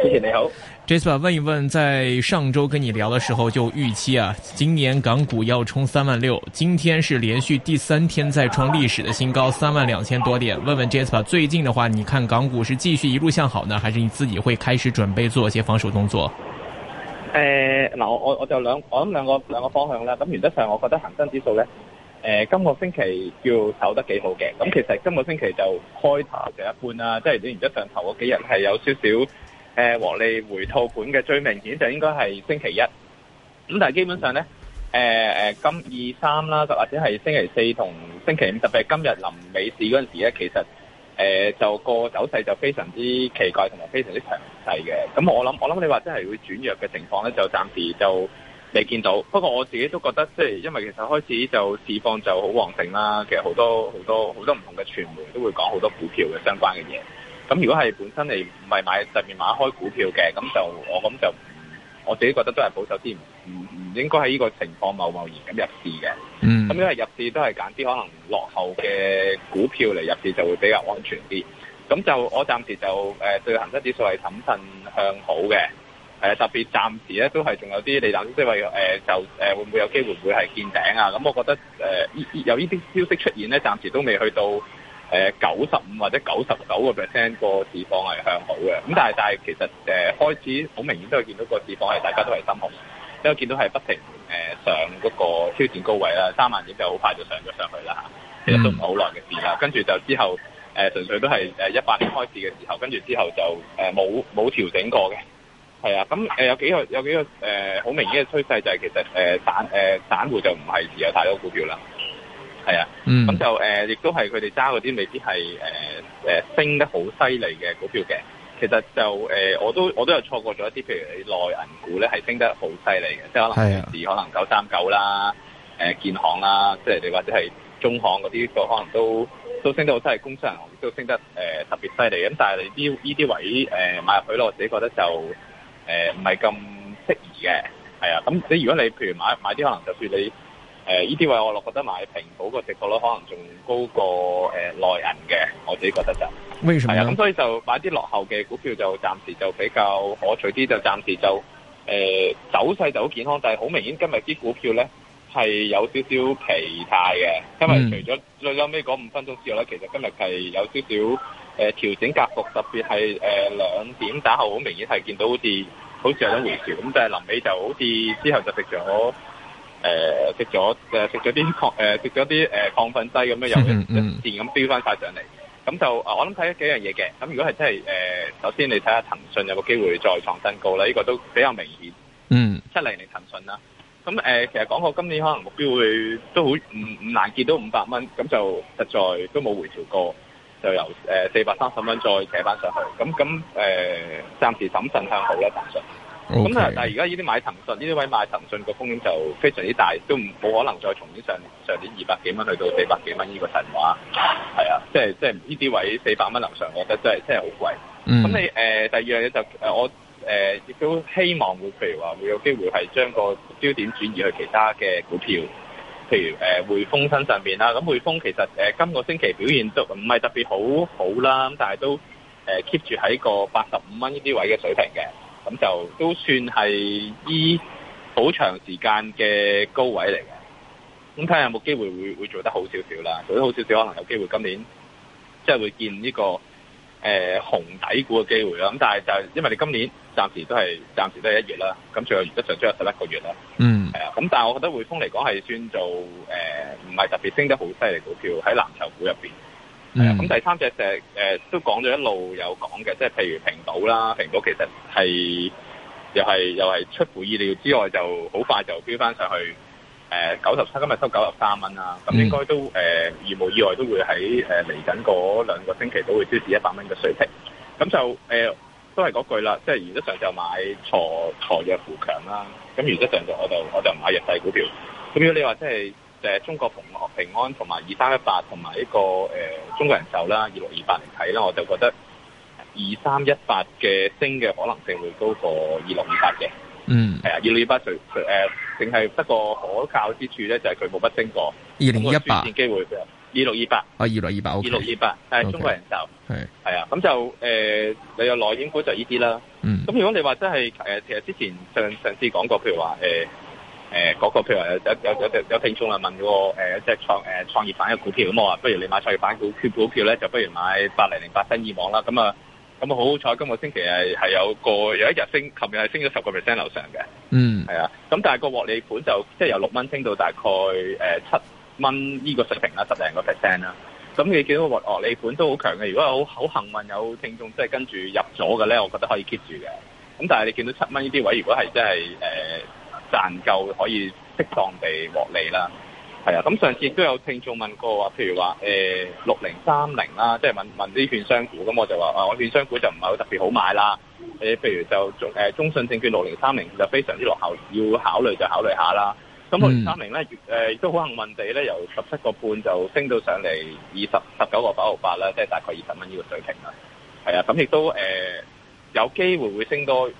主持你好，Jasper，問一問，在上周跟你聊的時候就預期啊，今年港股要衝三萬六，今天是連續第三天再創歷史的新高，三萬兩千多點。問問 Jasper 最近的話，你看港股是繼續一路向好呢，還是你自己會開始準備做一些防守動作？誒，嗱，我我我就兩，我諗兩個兩個方向啦。咁原則上，我覺得恒生指數咧，誒、呃，今個星期要走得幾好嘅。咁其實今個星期就開頭就一般啦，啊，即係原則上頭嗰幾日係有少少。誒，獲利回吐盤嘅，最明顯就應該係星期一。咁但係基本上咧，誒、呃、誒，今二三啦，或者係星期四同星期五，特別係今日臨尾市嗰陣時咧，其實誒、呃、就個走勢就非常之奇怪，同埋非常之強勢嘅。咁我諗，我諗你話真係會轉弱嘅情況咧，就暫時就未見到。不過我自己都覺得，即係因為其實開始就市況就好旺盛啦，其實好多好多好多唔同嘅傳媒都會講好多股票嘅相關嘅嘢。咁如果係本身你唔係買上面買,買開股票嘅，咁就我咁就我自己覺得都係保守啲，唔唔應該喺呢個情況貿貿然咁入市嘅。嗯。咁因為入市都係揀啲可能落後嘅股票嚟入市就會比較安全啲。咁就我暫時就、呃、對恒生指數係審慎向好嘅、呃。特別暫時咧都係仲有啲利淡即係話誒就、呃、會唔會有機會會係見頂啊？咁我覺得、呃、有呢啲消息出現咧，暫時都未去到。誒、呃，九十五或者九十九個 percent 個市況係向好嘅，咁但係但係其實誒、呃、開始好明顯都係見到個市況係大家都係心紅，因為見到係不停誒、呃、上嗰個挑戰高位啦，三萬點就好快就上咗上去啦吓，其實都唔係好耐嘅事啦。跟住就之後誒純、呃、粹都係誒一八年開始嘅時候，跟住之後就誒冇冇調整過嘅，係啊。咁誒有幾個有幾個誒好、呃、明顯嘅趨勢就係其實誒、呃、散誒、呃、散戶就唔係持有太多股票啦。係啊，咁就誒，亦、呃、都係佢哋揸嗰啲，未必係誒、呃呃、升得好犀利嘅股票嘅。其實就誒、呃，我都我都有錯過咗一啲，譬如你內銀股咧，係升得好犀利嘅，即係可能市、啊、可能九三九啦、呃，建行啦，即係你或者係中行嗰啲股，可能都都升得好犀利，工商銀行都升得誒、呃、特別犀利。咁但係你呢呢啲位誒、呃、買入去咧，我自己覺得就誒唔係咁適宜嘅。係啊，咁你如果你譬如買買啲可能就算你。誒呢啲位我落覺得買平好個值博率咯，可能仲高過誒、呃、內銀嘅，我自己覺得就啊，咁、嗯、所以就買啲落後嘅股票就暫時就比較可取啲，就暫時就誒、呃、走勢就好健康，但係好明顯今日啲股票咧係有少少疲態嘅，因為除咗最後尾嗰五分鐘之後咧，其實今日係有少少誒、呃、調整格局，特別係、呃、兩點打後好明顯係見到好似好似有一回調，咁但係臨尾就好似之後就直咗。誒、呃，食咗誒，食咗啲抗誒，食咗啲誒興奮劑咁樣，又又突然咁飆翻晒上嚟，咁、嗯嗯、就我諗睇幾樣嘢嘅，咁如果係真係誒，首先你睇下騰訊有冇機會再創新高啦呢、呢個都比較明顯。嗯，七零零騰訊啦，咁誒、呃，其實講過今年可能目標會都好唔唔難見到五百蚊，咁就實在都冇回調過，就由誒四百三十蚊再扯翻上去，咁咁誒，暫時審慎向好啦，騰訊。咁啊！但係而家呢啲買騰訊呢啲位買騰訊個風險就非常之大，都唔冇可能再從呢上上年二百幾蚊去到四百幾蚊呢個神話。係啊，即係即係呢啲位四百蚊樓上即即、mm. 呃，我覺得真係真係好貴。咁你誒第二樣嘢就誒我誒亦都希望會，譬如話會有機會係將個焦點轉移去其他嘅股票，譬如誒、呃、匯豐身上面啦。咁、啊、匯豐其實誒今、呃這個星期表現都唔係特別好好啦，咁但係都誒 keep 住喺個八十五蚊呢啲位嘅水平嘅。咁就都算係依好長時間嘅高位嚟嘅，咁睇下有冇機會會會做得好少少啦。做得好少少，可能有機會今年即係會見呢、這個誒、呃、紅底股嘅機會啦。咁但係就因為你今年暫時都係暫時都係一月啦，咁最後原則上仲有十一個月啦。嗯，係啊、呃。咁但係我覺得匯豐嚟講係算做誒唔係特別升得好犀利股票喺藍籌股入邊。嗯、啊，咁第三隻石誒、呃、都講咗一路有講嘅，即係譬如蘋果啦，蘋果其實係又係又係出乎意料之外，就好快就飆翻上去誒、呃、九十七，今日收九十三蚊啦。咁、嗯嗯、應該都誒意、呃、無意外都會喺誒嚟緊嗰兩個星期都會接近一百蚊嘅水平。咁就誒、呃、都係嗰句啦，即係原則上就買鋤鋤弱扶強啦。咁原則上就我就我就買弱勢股票。咁如果你話即係，誒、就是、中國平安、平安同埋二三一八同埋呢個誒、呃、中國人壽啦，二六二八嚟睇啦，我就覺得二三一八嘅升嘅可能性會高過二六二八嘅。嗯，係啊，二六二八最誒淨係得個可靠之處咧，就係佢冇乜升過二零一八轉戰機會二六二八啊，二六二八，二六二八係中國人壽係係、okay，啊。咁就誒、呃、你有內險股就呢啲啦。嗯，咁如果你話真係誒、呃，其實之前上上次講過，譬如話誒。呃誒、欸、嗰、那個譬如有有有有聽眾啊問嗰個誒即係創誒、欸、創業板嘅股票，咁我話不如你買創業板股股票咧，就不如買八零零八新二網啦。咁啊咁啊好好彩，今個星期係係有個有一日升，琴日係升咗十個 percent 樓上嘅。嗯，係啊。咁但係個獲利盤就即係由六蚊升到大概誒七蚊呢個水平啦，十零個 percent 啦。咁、啊、你見到獲獲利盤都好強嘅。如果好好幸運有聽眾即係跟住入咗嘅咧，我覺得可以 keep 住嘅。咁但係你見到七蚊呢啲位，如果係真係誒？就是呃賺夠可以適當地獲利啦，係啊！咁上次亦都有聽眾問過話，譬如話誒六零三零啦，呃、6030, 即係問問啲券商股，咁我就話啊，我券商股就唔係好特別好買啦。誒、啊，譬如就中誒中信證券六零三零就非常之落後，要考慮就考慮下啦。咁六零三零咧，誒亦都好幸運地咧，由十七個半就升到上嚟二十十九個八毫八啦，即係大概二十蚊呢個水平啦。係啊，咁亦都誒、呃、有機會會升多。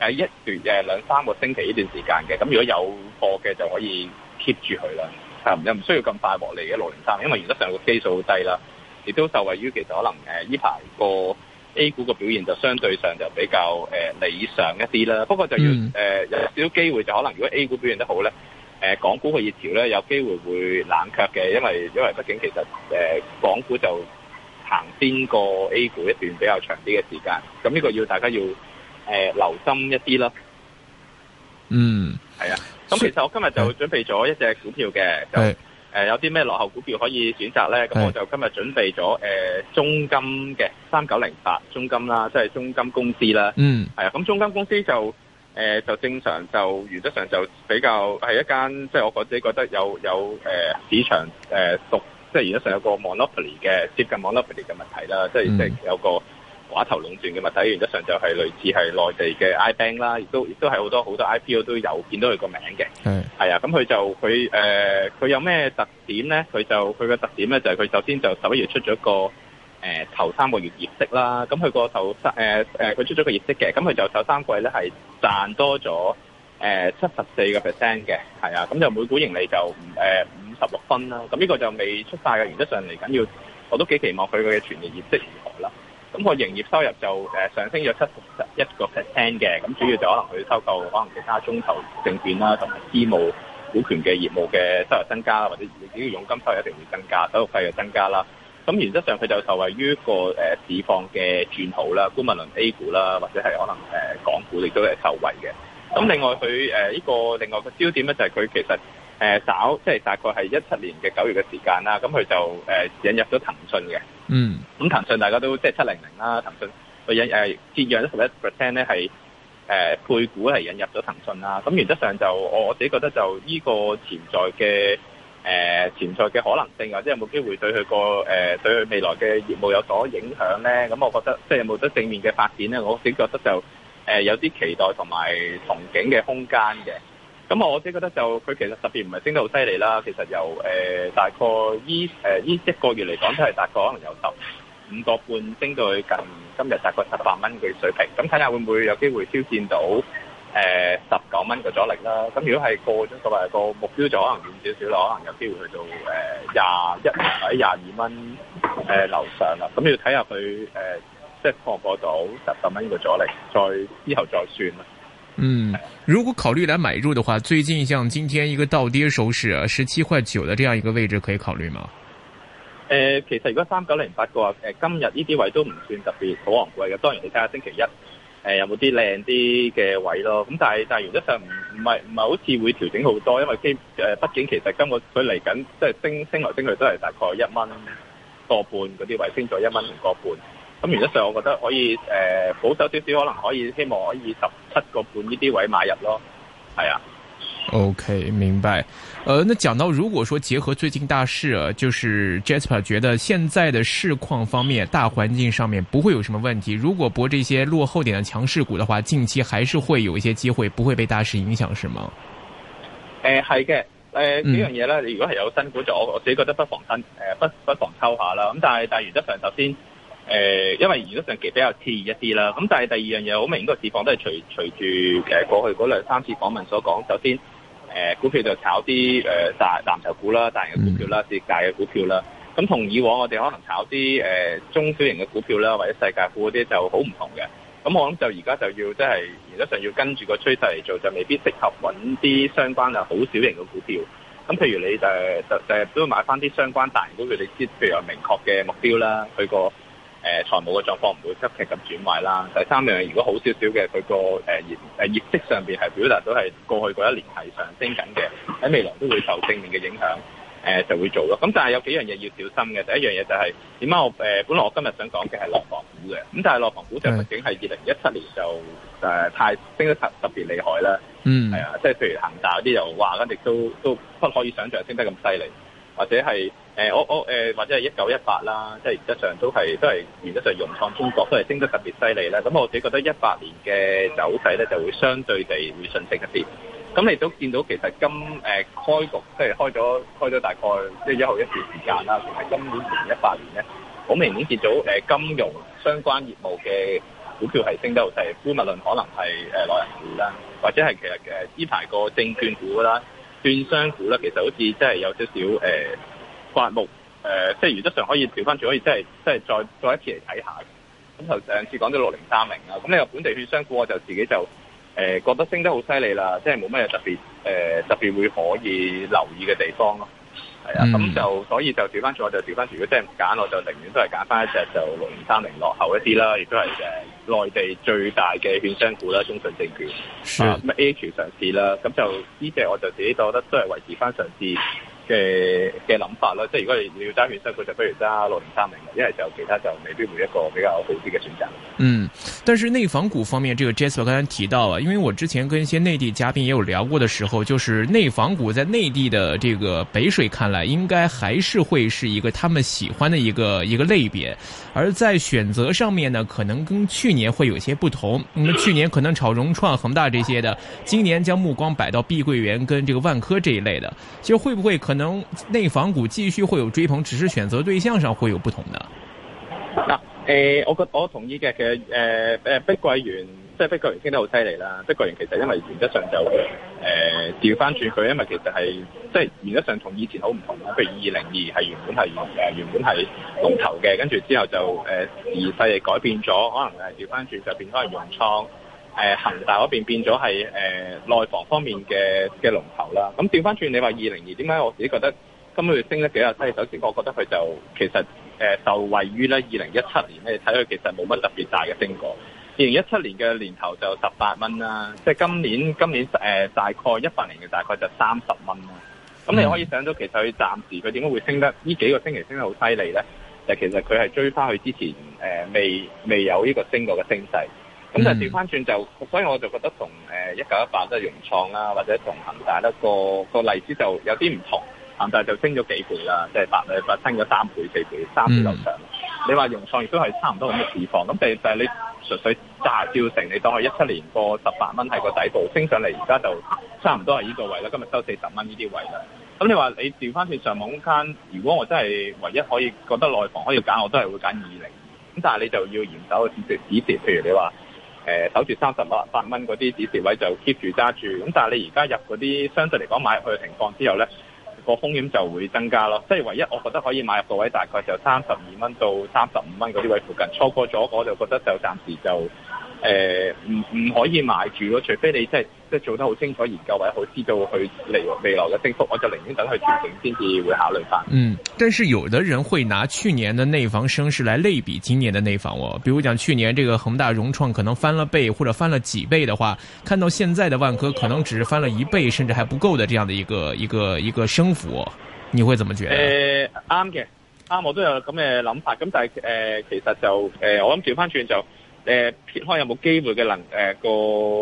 喺、啊、一段嘅兩、啊、三個星期呢段時間嘅，咁、啊、如果有貨嘅就可以 keep 住佢啦，又唔需要咁快獲利嘅六零三，因為原則上個基數好低啦，亦都受惠於其實可能呢排、啊、個 A 股嘅表現就相對上就比較、啊、理想一啲啦。不過就要、啊、有少機會就可能，如果 A 股表現得好咧、啊，港股嘅熱潮咧有機會會冷卻嘅，因為因為畢竟其實、啊、港股就行先過 A 股一段比較長啲嘅時間，咁、啊、呢、這個要大家要。誒、呃、留心一啲咯。嗯，係啊。咁其實我今日就準備咗一隻股票嘅，就、呃、有啲咩落後股票可以選擇咧。咁我就今日準備咗、呃、中金嘅三九零八中金啦，即係中金公司啦。嗯，係啊。咁中金公司就、呃、就正常，就原則上就比較係一間，即係我自己覺得有有、呃、市場誒獨，即係原則上有個 monopoly 嘅接近 monopoly 嘅問題啦，即係即係有個。嗯寡頭壟斷嘅物體，原則上就係類似係內地嘅 I Bank 啦，亦都亦都係好多好多 IPO 都有見到佢個名嘅。係係啊，咁佢就佢誒佢有咩特點咧？佢就佢個特點咧，就係佢首先就十一月出咗個誒、呃、頭三個月業績啦。咁佢個頭三誒誒佢出咗個業績嘅，咁佢就首三季咧係賺多咗誒七十四個 percent 嘅。係、呃、啊，咁就每股盈利就誒五十六分啦。咁呢個就未出晒嘅，原則上嚟緊要我都幾期望佢嘅全年業績如何啦。咁個營業收入就誒上升咗七十一個 percent 嘅，咁主要就可能佢收購可能其他中投證券啦，同埋私募股權嘅業務嘅收入增加，或者主要佣金收入一定會增加，手續費又增加啦。咁原則上佢就受惠於個誒市況嘅轉好啦，股民輪 A 股啦，或者係可能誒港股亦都係受惠嘅。咁另外佢誒呢個另外個焦點咧就係佢其實。誒、呃，找即係大概係一七年嘅九月嘅時間啦，咁佢就誒、呃、引入咗騰訊嘅。嗯，咁騰訊大家都即係七零零啦，騰訊佢引誒佔約十一 percent 咧，係、呃、誒、呃、配股係引入咗騰訊啦。咁原則上就我我自己覺得就呢個潛在嘅誒潛在嘅可能性或者有冇機會對佢個誒對佢未來嘅業務有所影響咧？咁我覺得即係有冇得正面嘅發展咧，我自己覺得就誒、這個呃、有啲、呃呃、期待同埋憧憬嘅空間嘅。咁我自己覺得就佢其實特別唔係升得好犀利啦，其實由、呃、大概依誒依一個月嚟講，都係大概可能有十五個半，升到近今日大概十八蚊嘅水平。咁睇下會唔會有機會挑戰到誒十九蚊嘅阻力啦。咁如果係過咗個話，個目標就可能遠少少咯，可能有機會去到誒廿一或者廿二蚊誒樓上啦。咁要睇下佢即係破過到十九蚊呢個阻力，再之後再算啦。嗯，如果考慮嚟買入嘅話，最近像今天一個倒跌收市啊，十七塊九嘅這樣一個位置可以考慮嗎？誒、呃，其實如果三九零八嘅話，誒、呃、今日呢啲位都唔算特別好昂貴嘅，當然你睇下星期一誒、呃、有冇啲靚啲嘅位咯。咁但係但係原則上唔唔係唔係好似會調整好多，因為基誒畢竟其實今個佢嚟緊即係升升來升去都係大概一蚊個半嗰啲位,位，升咗一蚊個半。咁原則上，我覺得可以誒、呃、保守少少，可能可以希望可以十七個半呢啲位買入咯。係啊。O、okay, K，明白。呃，那講到，如果說結合最近大市、啊，就是 Jasper 覺得現在的市況方面，大環境上面不會有什麼問題。如果搏這些落後點的強勢股的話，近期還是會有一些機會，不會被大市影響，是嗎？誒係嘅。誒、呃嗯、呢樣嘢咧，你如果係有新股咗，我自己覺得不妨新、呃、不不妨抽下啦。咁但但係原則上，首先。誒，因為如果上期比較刺激一啲啦，咁但係第二樣嘢好明顯，個市況都係隨隨住誒過去嗰兩三次訪問所講。首先，誒、呃、股票就炒啲誒大藍籌股啦、大型嘅股票啦、世界嘅股票啦。咁同以往我哋可能炒啲誒、呃、中小型嘅股票啦，或者世界股嗰啲就好唔同嘅。咁我諗就而家就要即係、就是、原則上要跟住個趨勢嚟做，就未必適合揾啲相關又好小型嘅股票。咁譬如你誒就誒都要買翻啲相關大型股票，你知，譬如有明確嘅目標啦，去個。誒財務嘅狀況唔會急劇咁轉壞啦。第三樣，如果好少少嘅，佢個誒業誒業績上邊係表達到係過去嗰一年係上升緊嘅，喺未來都會受正面嘅影響，誒、呃、就會做咯。咁但係有幾樣嘢要小心嘅。第一樣嘢就係點解我、呃、本來我今日想講嘅係落房股嘅。咁但係落房股就畢竟係二零一七年就誒太、呃、升得特特別厲害啦。嗯，係啊，即係譬如恒大嗰啲又話緊，亦都都不可以想象升得咁犀利，或者係。誒，我我誒，或者係一九一八啦，即係原則上都係都係原則上融創中國都係升得特別犀利咧。咁我自己覺得一八年嘅走勢咧，就會相對地會順勢一啲。咁你都見到其實今誒開局即係開咗開咗大概即係一號一段時間啦，同埋今年二零一八年咧，好明顯見到誒金融相關業務嘅股票係升得好細，姑勿論可能係誒內銀股啦，或者係其實誒呢排個證券股啦、券商股啦，其實好似即係有少少誒。發目，誒、呃，即係原則上可以調翻轉，可以即係即係再再，再一次嚟睇下。咁頭上次講到六零三零啊，咁呢個本地券商股我就自己就誒、呃、覺得升得好犀利啦，即係冇乜特別誒、呃、特別會可以留意嘅地方咯。係啊，咁、嗯、就所以就調翻轉我就調翻轉，如果即係唔揀我就寧願都係揀翻一隻就六零三零落後一啲啦，亦都係誒、呃、內地最大嘅券商股啦，中信證券。是。咁、啊、A H 上市啦，咁就呢隻、這個、我就自己覺得都係維持翻上市。嘅嘅諗法啦，即係如果你要揸遠身，佢就不如揸六零三零啦，因為就其他就未必會一個比較好啲嘅選擇。嗯，但是內房股方面，這個 Jasper 剛才提到啊，因為我之前跟一些內地嘉賓也有聊過的時候，就是內房股在內地的這個北水，看來應該還是會是一個他們喜歡的一個一個類別，而在選擇上面呢，可能跟去年會有些不同。那、嗯、啊，去年可能炒融創、恒大這些的，今年將目光擺到碧桂園跟這個萬科這一類的，其實會不會可能內房股繼續會有追捧，只是選擇對象上會有不同的。嗱，誒，我覺我同意嘅，誒，誒，碧桂園，即係碧桂園，傾得好犀利啦。碧桂園其實因為原則上就誒調翻轉佢，因為其實係即係原則上同以前好唔同。譬如二零二係原本係誒原本係龍頭嘅，跟住之後就誒形勢改變咗，可能係調翻轉就變可能融誒恒大嗰邊變咗係誒內房方面嘅嘅龍頭啦。咁調翻轉你話二零二點解我自己覺得今個月升得比較犀利？首先我覺得佢就其實誒、呃、受惠於咧二零一七年你睇佢其實冇乜特別大嘅升過。二零一七年嘅年頭就十八蚊啦，即、就、係、是、今年今年、呃、大概一八年嘅大概就三十蚊啦。咁你可以想到，其實佢暫時佢點解會升得呢幾個星期升得好犀利咧？就其實佢係追翻去之前、呃、未未有呢個升過嘅升勢。咁就調翻轉就，所以我就覺得同誒一九一八即係融創啦，或者同恒大嗰個個例子就有啲唔同，恒大就升咗幾倍啦，即係八兩八升咗三倍四倍，三倍咁上、嗯。你話融創亦都係差唔多咁嘅市況，咁但係就係你純粹炸照成，你當係一七年過十八蚊喺個底部升上嚟，而家就差唔多係呢個位啦。今日收四十蚊呢啲位啦。咁你話你調翻轉上網間，如果我真係唯一可以覺得內房可以揀，我都係會揀二零。咁但係你就要嚴守指值指節，譬如你話。誒守住三十八蚊嗰啲指示位就 keep 住揸住，咁但係你而家入嗰啲相對嚟講買入去嘅情況之後咧，個風險就會增加咯。即係唯一我覺得可以買入個位大概就三十二蚊到三十五蚊嗰啲位附近，錯過咗我就覺得就暫時就。誒唔唔可以買住咯，除非你真係即係做得好清楚研究或者好知道佢嚟未來嘅升幅，我就寧願等佢調整先至會考慮翻。嗯，但是有的人會拿去年的內房升勢來類比今年的內房喎、哦，比如講去年這個恒大、融創可能翻了倍或者翻了幾倍的話，看到現在的萬科可能只是翻了一倍甚至還不夠的這樣的，一個一個一個升幅、哦，你會怎麼覺得？誒啱嘅，啱我都有咁嘅諗法。咁但係、呃、其實就誒、呃、我諗調翻轉就。誒撇開有冇機會嘅能誒個、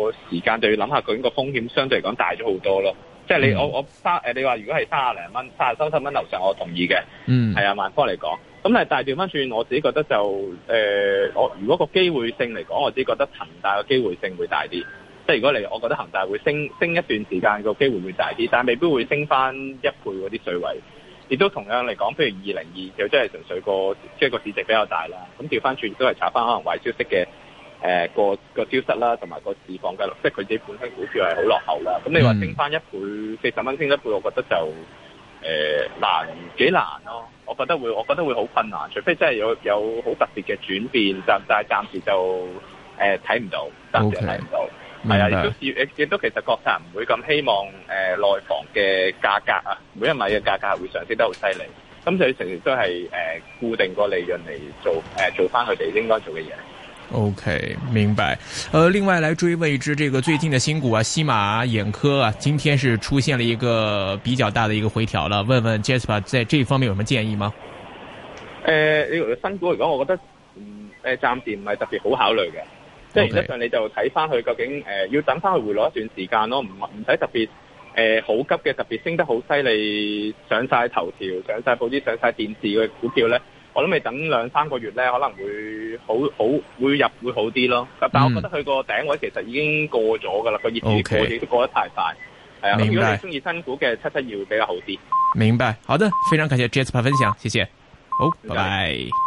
呃、時間，就要諗下佢個風險相對嚟講大咗好多咯。嗯、即係你我我三誒、呃，你話如果係三廿零蚊、三十三十蚊樓上，我同意嘅，嗯，係啊，萬科嚟講咁。但係大調翻轉，我自己覺得就誒、呃，我如果個機會性嚟講，我自己覺得恒大個機會性會大啲。即係如果你我覺得恒大會升升一段時間個機會會大啲，但係未必會升翻一倍嗰啲水位。亦都同樣嚟講，譬如二零二就真係純粹個即係個市值比較大啦。咁調翻轉都係查翻可能壞消息嘅誒個個消失啦，同埋個市況嘅，即係佢自己本身股票係好落後啦。咁你話升翻一倍四十蚊升一倍，倍我覺得就誒、呃、難幾難咯、啊。我覺得會，我覺得會好困難，除非真係有有好特別嘅轉變，暫但係暫時就誒睇唔到，暫時睇唔到。Okay. 係啊，亦都試，亦都其實國家人唔會咁希望誒、呃、內房嘅價格啊，每一米嘅價格會會上升得好犀利，咁就成日都係誒、呃、固定個利潤嚟做、呃、做翻佢哋應該做嘅嘢。OK，明白。誒、呃，另外嚟追問一隻這個最近的新股啊，西馬、啊、眼科啊，今天是出現了一個比較大的一個回調啦，問問 Jasper 在這方面有咩建議嗎？誒、呃，你新股如果我覺得，嗯，誒暫時唔係特別好考慮嘅。即係，另一方面你就睇翻佢究竟、呃、要等翻佢回落一段時間咯，唔唔使特別好、呃、急嘅，特別升得好犀利上曬頭條、上曬報紙、上曬電視嘅股票咧，我諗你等兩三個月咧，可能會好好會入會好啲咯。但、嗯、係我覺得佢個頂位其實已經過咗㗎啦，個熱度過都、okay. 過得太快。係啊、呃，如果你中意新股嘅七七二會比較好啲。明白，好的，非常感謝 Jas 嘅分享，謝謝。好，拜拜。拜拜。